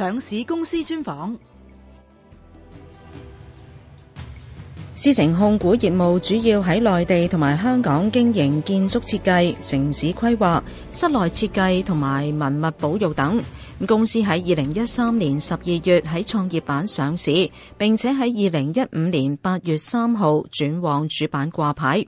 上市公司專訪。思城控股業務主要喺內地同埋香港經營建築設計、城市規劃、室內設計同埋文物保育等。公司喺二零一三年十二月喺創業板上市，並且喺二零一五年八月三號轉往主板掛牌。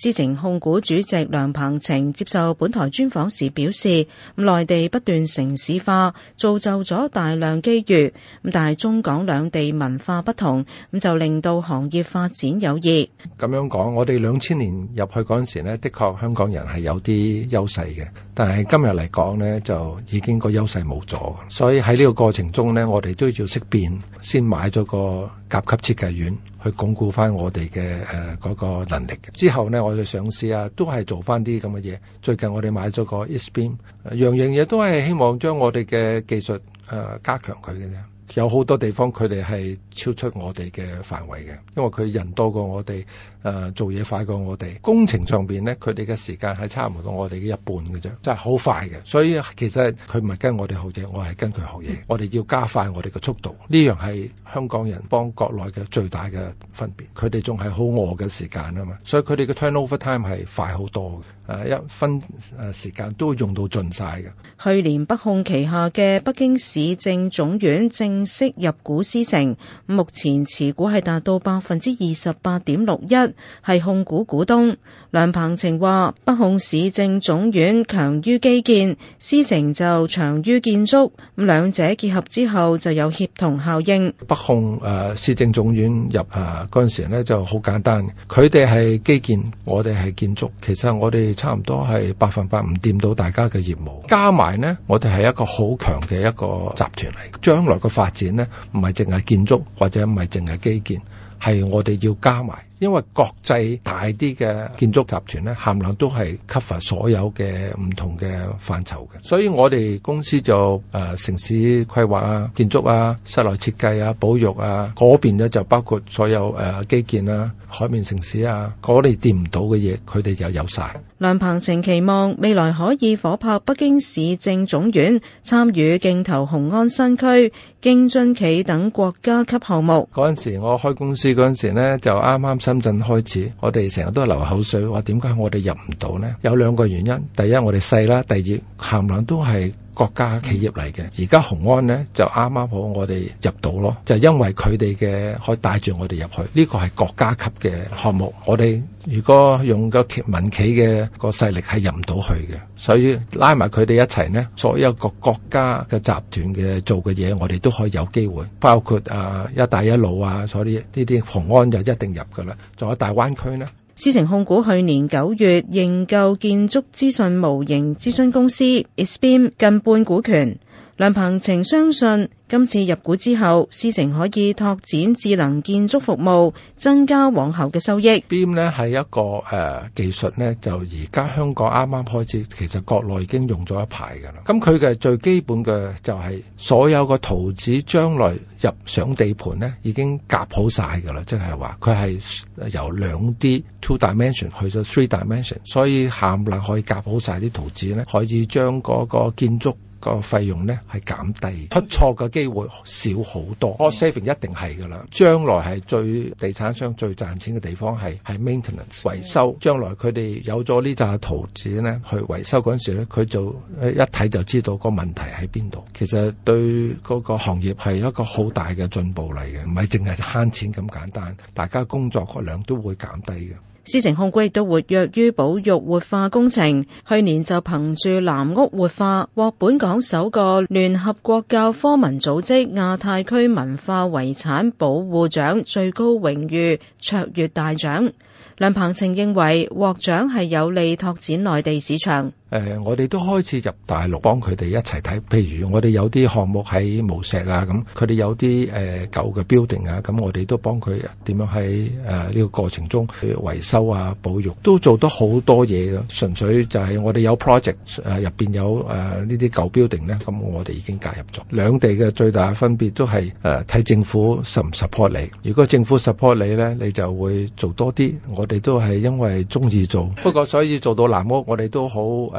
思城控股主席梁鵬程接受本台專訪時表示，內地不斷城市化，造就咗大量機遇，但係中港兩地文化不同，咁就令到行業發展有異。咁樣講，我哋兩千年入去嗰陣時呢，的確香港人係有啲優勢嘅，但係今日嚟講呢，就已經個優勢冇咗。所以喺呢個過程中呢，我哋都要識變，先買咗個甲級設計院去鞏固翻我哋嘅誒嗰個能力。之後呢，我哋上市啊都係做翻啲咁嘅嘢。最近我哋買咗個 ESBIM，樣樣嘢都係希望將我哋嘅技術誒、呃、加強佢嘅啫。有好多地方佢哋係超出我哋嘅範圍嘅，因為佢人多過我哋。誒，做嘢快過我哋，工程上邊呢，佢哋嘅時間係差唔多我哋嘅一半嘅啫，真係好快嘅。所以其實佢唔係跟我哋學嘢，我係跟佢學嘢。我哋要加快我哋嘅速度，呢樣係香港人幫國內嘅最大嘅分別。佢哋仲係好餓嘅時間啊嘛，所以佢哋嘅 turnover time 係快好多嘅。誒一分誒時間都用到盡晒嘅。去年北控旗下嘅北京市政總院正式入股思城，目前持股係達到百分之二十八點六一。係控股股東梁鵬程話：北控市政總院強於基建，思城就強於建築，咁兩者結合之後就有協同效應。北控誒市政總院入誒嗰陣時呢就好簡單，佢哋係基建，我哋係建築，其實我哋差唔多係百分百唔掂到大家嘅業務。加埋呢，我哋係一個好強嘅一個集團嚟，將來嘅發展呢，唔係淨係建築或者唔係淨係基建。係我哋要加埋，因為國際大啲嘅建築集團咧，含量都係吸曬所有嘅唔同嘅範疇嘅。所以我哋公司就誒、呃、城市規劃啊、建築啊、室內設計啊、保育啊嗰邊就包括所有誒、呃、基建啦、啊、海面城市啊，啲掂唔到嘅嘢，佢哋就有晒。梁鵬程期望未來可以夥拍北京市政總院，參與競投雄安新區、京津冀等國家級項目。嗰陣時我開公司。嗰陣時咧，就啱啱深圳開始，我哋成日都係流口水，話，點解我哋入唔到咧？有兩個原因，第一我哋細啦，第二冚唪唥都係。國家企業嚟嘅，而家雄安呢就啱啱好我哋入到咯，就因為佢哋嘅可以帶住我哋入去，呢、這個係國家級嘅項目。我哋如果用個民企嘅個勢力係入唔到去嘅，所以拉埋佢哋一齊呢，所有個國家嘅集團嘅做嘅嘢，我哋都可以有機會。包括啊，一帶一路啊，所以呢啲雄安就一定入噶啦。仲有大灣區咧。思城控股去年九月認購建築資訊模型諮詢公司 isBIM 近半股權，梁鵬程相信。今次入股之後，思城可以拓展智能建築服務，增加往後嘅收益。BIM 咧係一個誒、呃、技術咧，就而家香港啱啱開始，其實國內已經用咗一排噶啦。咁佢嘅最基本嘅就係、是、所有個圖紙將來入上地盤咧，已經夾好晒噶啦。即係話佢係由兩 D two dimension 去到 three dimension，所以下硬可以夾好晒啲圖紙咧，可以將嗰個建築個費用咧係減低出錯嘅機會少好多 cost、啊、saving 一定係噶啦。將來係最地產商最賺錢嘅地方係係 maintenance 維修。將來佢哋有咗呢紮圖紙咧，去維修嗰陣時咧，佢就一睇就知道個問題喺邊度。其實對嗰個行業係一個好大嘅進步嚟嘅，唔係淨係慳錢咁簡單。大家工作量都會減低嘅。思城控股亦都活躍於保育活化工程，去年就憑住藍屋活化獲本港首個聯合國教科文組織亞太區文化遺產保護獎最高榮譽卓越大獎。梁鵬程認為獲獎係有利拓展內地市場。誒、呃，我哋都開始入大陸幫佢哋一齊睇，譬如我哋有啲項目喺無錫啊，咁佢哋有啲誒、呃、舊嘅 building 啊，咁、嗯、我哋都幫佢點樣喺誒呢個過程中去維修啊、保育，都做得好多嘢嘅。純粹就係我哋有 project 誒、呃、入邊有誒、呃、呢啲舊 building 咧，咁、嗯、我哋已經介入咗。兩地嘅最大分別都係誒睇政府 support 你。如果政府 support 你咧，你就會做多啲。我哋都係因為中意做， 不過所以做到藍屋，我哋都好。誒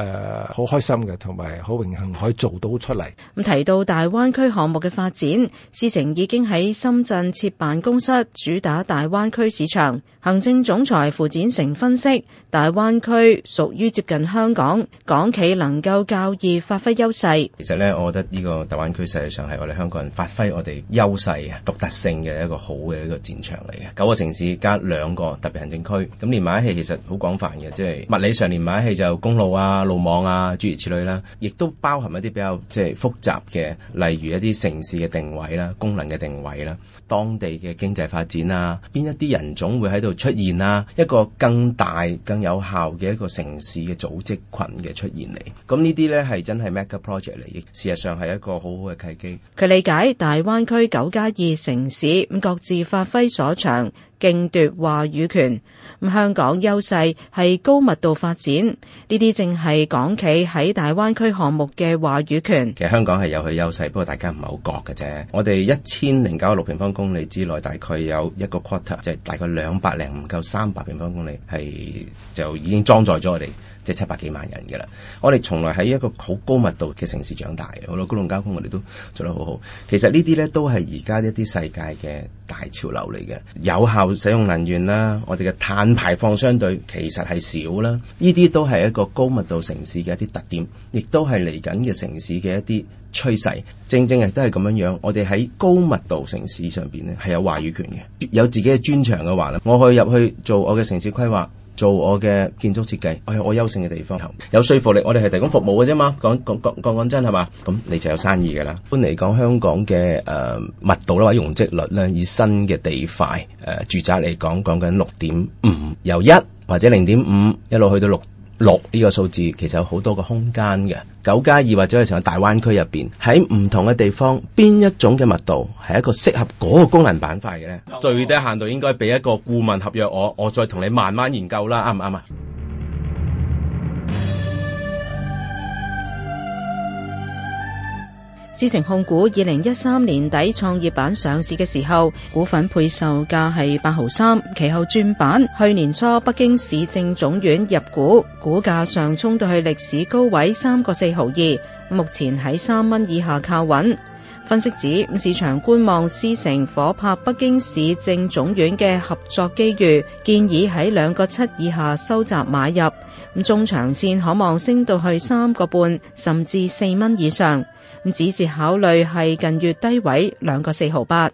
好開心嘅，同埋好榮幸可以做到出嚟。咁提到大灣區項目嘅發展，思城已經喺深圳設辦公室，主打大灣區市場。行政總裁符展成分析：大灣區屬於接近香港，港企能夠較易發揮優勢。其實呢，我覺得呢個大灣區實際上係我哋香港人發揮我哋優勢、獨特性嘅一個好嘅一個戰場嚟嘅。九個城市加兩個特別行政區，咁連埋一起其實好廣泛嘅，即係物理上連埋一起就公路啊。路網啊，諸如此類啦，亦都包含一啲比較即係複雜嘅，例如一啲城市嘅定位啦、功能嘅定位啦、當地嘅經濟發展啊、邊一啲人種會喺度出現啦、啊，一個更大、更有效嘅一個城市嘅組織群嘅出現嚟。咁呢啲呢係真係 mega project 嚟，事實上係一個好好嘅契機。佢理解大灣區九加二城市各自發揮所長。競奪話語權，咁香港優勢係高密度發展，呢啲正係港企喺大灣區項目嘅話語權。其實香港係有佢優勢，不過大家唔係好覺嘅啫。我哋一千零九十六平方公里之內，大概有一個 quarter，即係大概兩百零唔夠三百平方公里，係就已經裝載咗我哋即係七百幾萬人嘅啦。我哋從來喺一個好高密度嘅城市長大，好多公共交通我哋都做得好好。其實呢啲咧都係而家一啲世界嘅大潮流嚟嘅，有效使用能源啦，我哋嘅碳排放相對其實係少啦，呢啲都係一個高密度城市嘅一啲特點，亦都係嚟緊嘅城市嘅一啲趨勢，正正亦都係咁樣樣。我哋喺高密度城市上邊咧，係有話語權嘅，有自己嘅專長嘅話咧，我可以入去，去做我嘅城市規劃，做我嘅建築設計，我有我優勝嘅地方，有說服力。我哋係提供服務嘅啫嘛，講講講講講真係嘛，咁你就有生意嘅啦。一般嚟講，香港嘅誒、呃、密度啦，或者容積率咧，以新嘅地塊誒、呃、住宅嚟講，講緊六點五由一或者零點五一路去到六。六呢個數字其實有好多個空間嘅，九加二或者係成個大灣區入邊喺唔同嘅地方，邊一種嘅密度係一個適合嗰個功能板塊嘅咧？最低限度應該俾一個顧問合約，我，我再同你慢慢研究啦，啱唔啱啊？思城控股二零一三年底創業板上市嘅時候，股份配售價係八毫三，其後轉板。去年初北京市政總院入股，股價上衝到去歷史高位三個四毫二，目前喺三蚊以下靠穩。分析指市場觀望思城夥拍北京市政總院嘅合作機遇，建議喺兩個七以下收集買入。咁中長線可望升到去三個半甚至四蚊以上。咁只是考慮係近月低位兩個四毫八。